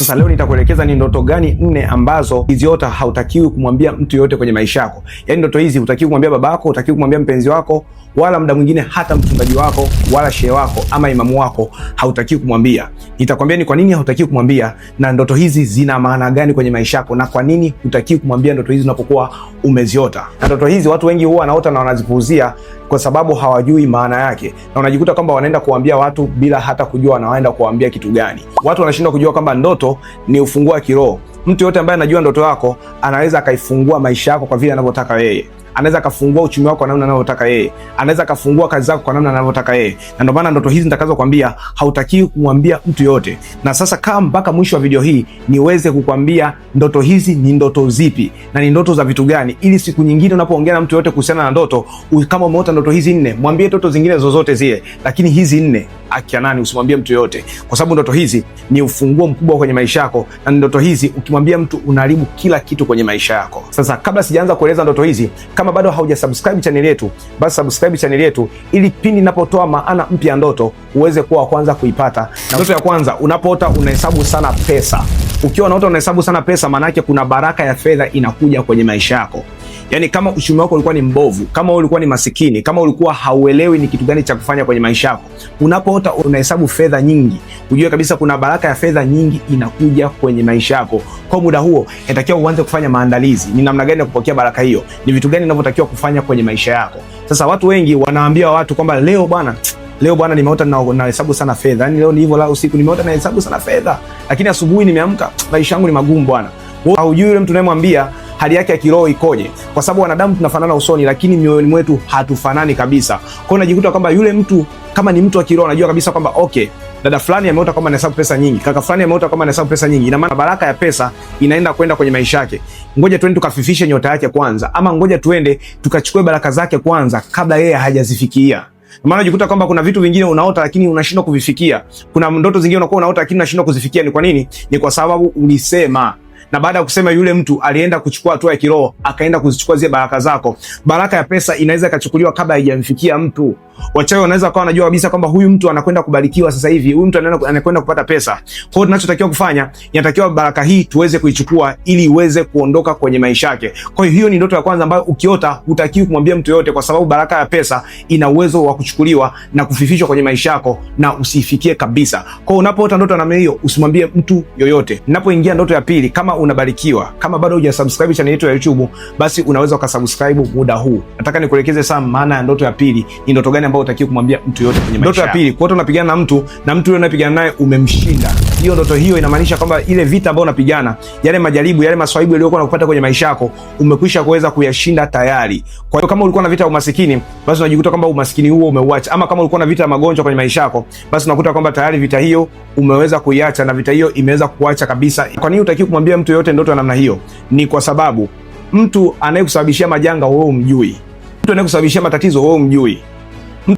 Sasa leo nitakuelekeza ni ndoto gani nne ambazo hizi yote hautakiwi kumwambia mtu yoyote kwenye maisha yako. Yaani ndoto hizi hutakiwi kumwambia baba yako, hutakiwi kumwambia mpenzi wako, wala mda mwingine hata mchungaji wako, wala shehe wako ama imamu wako hautakiwi kumwambia. Nitakwambia ni kwa nini hautakiwi kumwambia na ndoto hizi zina maana gani kwenye maisha yako na kwa nini hutakiwi kumwambia ndoto hizi unapokuwa umeziota. Na ndoto hizi watu wengi huwa wanaota na wanazipuuzia kwa sababu hawajui maana yake, na unajikuta kwamba wanaenda kuambia watu bila hata kujua wanaenda kuambia kitu gani. Watu wanashindwa kujua kwamba ndoto ni ufunguo wa kiroho. Mtu yoyote ambaye anajua ndoto yako anaweza akaifungua maisha yako kwa vile anavyotaka yeye anaweza akafungua uchumi wako kwa namna anavyotaka yeye, anaweza akafungua kazi zako kwa namna anavyotaka yeye. Na ndio maana ndoto hizi nitakazo nitakazokwambia hautakiwi kumwambia mtu yoyote. Na sasa kaa mpaka mwisho wa video hii niweze kukwambia ndoto hizi ni ndoto zipi na ni ndoto za vitu gani, ili siku nyingine unapoongea na mtu yoyote kuhusiana na ndoto, kama umeota ndoto hizi nne, mwambie ndoto zingine zozote zile, lakini hizi nne akia nani, usimwambie mtu yoyote, kwa sababu ndoto hizi ni ufunguo mkubwa kwenye maisha yako, na ndoto hizi ukimwambia mtu unaharibu kila kitu kwenye maisha yako. Sasa kabla sijaanza kueleza ndoto hizi kama bado haujasubscribe chaneli yetu, basi subscribe chaneli yetu ili pindi ninapotoa maana mpya ya ndoto uweze kuwa wa kwanza kuipata. Na ndoto ya kwanza, unapoota unahesabu sana pesa. Ukiwa unaota unahesabu sana pesa, maana yake kuna baraka ya fedha inakuja kwenye maisha yako. Yani kama uchumi wako ulikuwa ni mbovu, kama ulikuwa ni masikini, kama ulikuwa hauelewi ni kitu gani cha kufanya kwenye maisha yako, unapoota unahesabu fedha nyingi, ujue kabisa kuna baraka ya fedha nyingi inakuja kwenye maisha yako. Kwa muda huo inatakiwa uanze kufanya maandalizi, ni namna gani ya kupokea baraka hiyo, ni vitu gani unavyotakiwa kufanya kwenye maisha yako. Sasa watu wengi wanaambia watu kwamba leo bwana leo bwana, nimeota na hesabu sana fedha, yani leo ni hivyo, la usiku nimeota na hesabu sana fedha, lakini asubuhi nimeamka maisha yangu ni magumu bwana. Hujui yule mtu unayemwambia hali yake ya kiroho ikoje, kwa sababu wanadamu tunafanana usoni, lakini mioyoni mwetu hatufanani kabisa. Kwa hiyo unajikuta kwamba yule mtu kama ni mtu wa kiroho, anajua kabisa kwamba okay dada fulani ameota kwamba anahesabu pesa nyingi, kaka fulani ameota kwamba anahesabu pesa nyingi. Ina maana baraka ya pesa inaenda kwenda kwenye maisha yake. Ngoja tuende tukafifishe nyota yake kwanza, ama ngoja tuende tukachukue baraka zake kwanza kabla yeye hajazifikia. Maana unajikuta kwamba kuna vitu vingine unaota lakini unashindwa kuvifikia. Kuna ndoto zingine unakuwa unaota lakini unashindwa kuzifikia. Ni kwa nini? Ni kwa sababu ulisema na baada ya kusema yule mtu alienda kuchukua hatua ya kiroho, akaenda kuzichukua zile baraka zako. Baraka ya pesa inaweza ikachukuliwa kabla haijamfikia mtu. Wachawi wanaweza wakawa wanajua kabisa kwamba huyu mtu anakwenda kubarikiwa sasa hivi, huyu mtu anakwenda kupata pesa. Kwa hiyo tunachotakiwa kufanya, inatakiwa baraka hii tuweze kuichukua ili iweze kuondoka kwenye maisha yake. Kwa hiyo, hiyo ni ndoto ya kwanza ambayo ukiota hutakiwi kumwambia mtu yoyote, kwa sababu baraka ya pesa ina uwezo wa kuchukuliwa na kufifishwa kwenye maisha yako na usiifikie kabisa. Kwa hiyo, unapoota ndoto namna hiyo usimwambie mtu yoyote. Ninapoingia ndoto ya pili kama unabarikiwa. Kama bado hujasubscribe channel yetu ya YouTube, basi unaweza ukasubscribe muda huu. Nataka nikuelekeze sana maana ya ndoto ya pili. Ni ndoto gani ambayo unatakiwa kumwambia mtu yote kwenye maisha? Ndoto ya pili, kuota unapigana na mtu na mtu yule unapigana naye umemshinda. Hiyo ndoto hiyo inamaanisha kwamba ile vita ambayo unapigana, yale majaribu, yale maswaibu yaliyokuwa unakupata kwenye maisha yako, umekwisha kuweza kuyashinda tayari. Kwa hiyo kama ulikuwa na vita ya umasikini, basi unajikuta kwamba umasikini huo umeuacha, ama kama ulikuwa na vita ya magonjwa kwenye maisha yako, basi unakuta kwamba tayari vita hiyo umeweza kuiacha na vita hiyo imeweza kuacha kabisa. Kwa nini utakiwa kumwambia mtu mtu yoyote ndoto ya namna hiyo ni kwa sababu mtu anayekusababishia majanga wewe umjui, mtu anayekusababishia matatizo wewe umjui,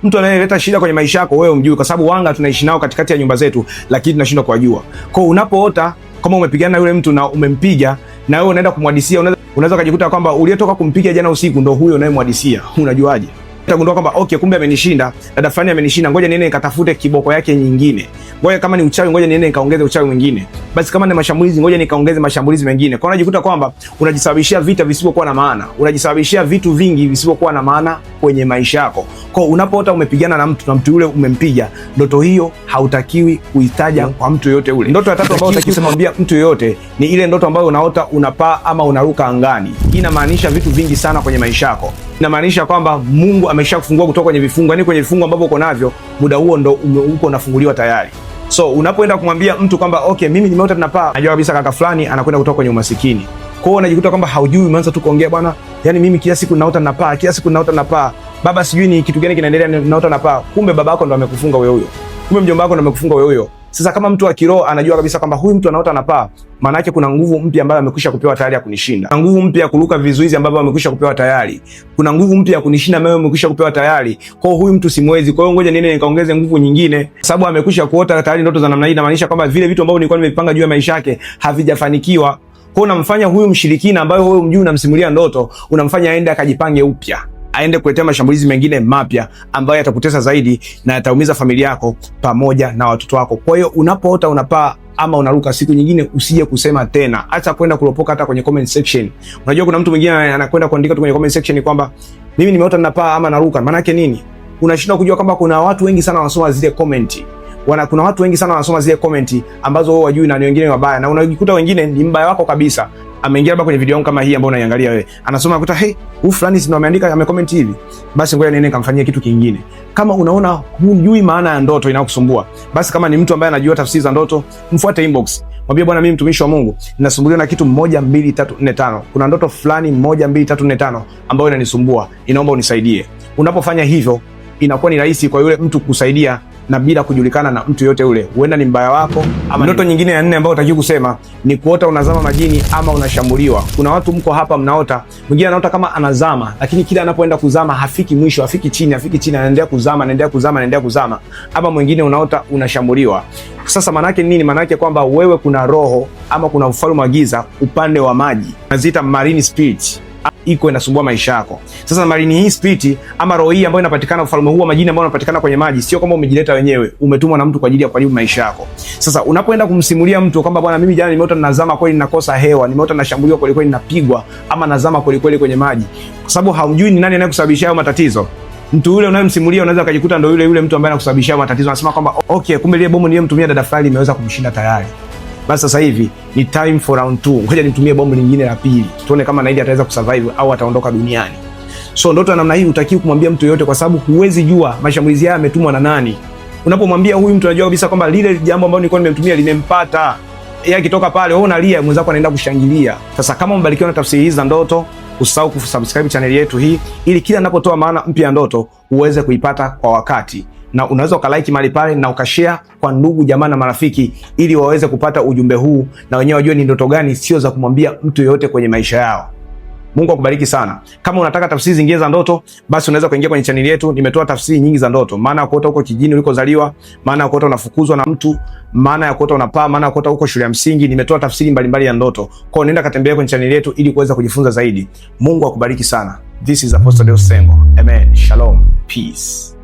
mtu anayeleta shida kwenye maisha yako wewe umjui, kwa sababu wanga tunaishi nao katikati ya nyumba zetu, lakini tunashindwa kuwajua. Kwa unapoota kama umepigana na yule mtu na umempiga na wewe unaenda kumwadisia, unaweza ukajikuta kwamba uliyetoka kumpiga jana usiku ndo huyo unayemwadisia. Unajuaje? Utagundua kwamba okay, kumbe amenishinda, dada fulani amenishinda, ngoja niende nikatafute kiboko yake nyingine, ngoja kama ni uchawi, ngoja niende nikaongeze uchawi mwingine basi kama ni mashambulizi, ngoja nikaongeze mashambulizi mengine. Kwa unajikuta kwamba unajisababishia vita visivyokuwa na maana, unajisababishia vitu vingi visivyokuwa na maana kwenye maisha yako. Kwa unapoota umepigana na mtu na mtu yule umempiga, ndoto hiyo hautakiwi kuitaja kwa mtu yoyote ule. Ndoto ya tatu ambayo utakisimwambia mtu yoyote ni ile ndoto ambayo unaota unapaa ama unaruka angani. Hii inamaanisha vitu vingi sana kwenye maisha yako inamaanisha kwamba Mungu ameshakufungua kutoka kwenye vifungo, yani kwenye vifungo ambavyo uko navyo muda huo ndo uko unafunguliwa tayari. So unapoenda kumwambia mtu kwamba okay, mimi nimeota ninapaa, najua kabisa kaka fulani anakwenda kutoka kwenye umasikini. kwao, unajikuta kwamba haujui, umeanza tu kuongea bwana, yani mimi kila siku ninaota ninapaa, kila siku ninaota ninapaa, baba sijui ni kitu gani kinaendelea, ninaota ninapaa. Kumbe baba yako ndo amekufunga wewe huyo, kumbe mjomba wako ndo amekufunga wewe huyo. Sasa kama mtu wa kiroho anajua kabisa kwamba huyu mtu anaota anapaa, maana yake kuna nguvu mpya ambayo amekwisha kupewa tayari ya kunishinda. Kuna nguvu mpya ya kuruka vizuizi ambavyo amekwisha kupewa tayari. Kuna nguvu mpya ya kunishinda ambayo amekwisha kupewa tayari. Kwa hiyo huyu mtu simwezi. Kwa hiyo ngoja niende nikaongeze nguvu nyingine. Sababu amekwisha kuota tayari ndoto za namna hii, inamaanisha kwamba vile vitu ambavyo nilikuwa nimepanga juu ya maisha yake havijafanikiwa. Kwa hiyo unamfanya huyu mshirikina ambaye wewe mjui unamsimulia ndoto, unamfanya aende akajipange upya aende kuletea mashambulizi mengine mapya ambayo yatakutesa zaidi na yataumiza familia yako pamoja na watoto wako. Kwa hiyo unapoota unapaa ama unaruka, siku nyingine usije kusema tena, acha kwenda kulopoka hata kwenye comment section. Unajua kuna mtu mwingine anakwenda kuandika tu kwenye comment section kwamba mimi nimeota ninapaa ama naruka. Maana yake nini? Unashindwa kujua kwamba kuna watu wengi sana wanasoma zile comment wana kuna watu wengi sana wanasoma zile komenti ambazo wao wajui na ni wengine wabaya, na unajikuta wengine ni mbaya wako kabisa, ameingia labda kwenye video yangu kama hii ambayo unaiangalia wewe, anasoma akuta, hey, huyu fulani si ndo ameandika amecomment hivi, basi ngoja niende nikamfanyia kitu kingine. Kama unaona hujui maana ya ndoto inayokusumbua, basi kama ni mtu ambaye anajua tafsiri za ndoto, mfuate inbox, mwambie bwana, mimi mtumishi wa Mungu ninasumbuliwa na kitu moja mbili tatu nne tano, kuna ndoto fulani moja mbili tatu nne tano ambayo inanisumbua, inaomba unisaidie. Unapofanya hivyo, inakuwa ni rahisi kwa yule mtu kusaidia na bila kujulikana na mtu yote ule, huenda ni mbaya wako ama ndoto nyingine ya nne ambayo utakiwa kusema ni kuota unazama majini ama unashambuliwa. Kuna watu mko hapa mnaota, mwingine anaota kama anazama, lakini kila anapoenda kuzama hafiki mwisho, hafiki chini, hafiki chini, anaendelea kuzama, anaendelea kuzama, anaendelea kuzama. Ama mwingine unaota unashambuliwa. Sasa manake nini? Manake kwamba wewe kuna roho ama kuna ufalme wa giza upande wa maji, nazita marine spirit iko inasumbua maisha yako. Sasa marini hii spiriti ama roho hii ambayo inapatikana ufalme huu wa majini ambao unapatikana kwenye maji, sio kwamba umejileta wenyewe, umetumwa na mtu kwa ajili ya kujibu maisha yako. Sasa unapoenda kumsimulia mtu kwamba bwana, mimi jana nimeota ninazama kweli, ninakosa hewa, nimeota ninashambuliwa kweli kweli, ninapigwa ama nazama kweli kweli kwenye maji, kwa sababu haumjui ni nani anayekusababishia hayo matatizo mtu yule unayemsimulia unaweza ukajikuta ndo yule yule mtu ambaye anakusababishia matatizo. Anasema kwamba okay, kumbe lile bomu niliyemtumia dada fulani imeweza kumshinda tayari basi sasa hivi ni time for round two, Ngoja nitumie bomu lingine la pili, tuone kama Naidi ataweza kusurvive au ataondoka duniani. So ndoto ya namna hii hutakiwi kumwambia mtu yoyote, kwa sababu huwezi jua mashambulizi haya yametumwa na nani. Unapomwambia huyu mtu, anajua kabisa kwamba lile jambo ambalo nilikuwa nimemtumia limempata yeye. Akitoka pale wewe unalia, mwenzako anaenda kushangilia. Sasa kama umebarikiwa na tafsiri hizi za ndoto, usisahau kusubscribe chaneli yetu hii, ili kila ninapotoa maana mpya ya ndoto uweze kuipata kwa wakati na unaweza ukalike mahali pale na ukashare kwa ndugu jamaa na marafiki, ili waweze kupata ujumbe huu na wenyewe wajue ni ndoto gani sio za kumwambia mtu yoyote kwenye maisha yao. Mungu akubariki sana. Kama unataka tafsiri zingine za ndoto, basi unaweza kuingia kwenye chaneli yetu. Nimetoa tafsiri nyingi za ndoto, maana ya kuota huko kijini ulikozaliwa, maana ya kuota unafukuzwa na mtu, maana ya kuota unapaa, maana ya kuota huko shule ya msingi. Nimetoa tafsiri mbalimbali ya ndoto, kwa hiyo nenda katembea kwenye chaneli yetu ili kuweza kujifunza zaidi. Mungu akubariki sana. This is Apostle Deusi Sengo. Amen. Shalom. Peace.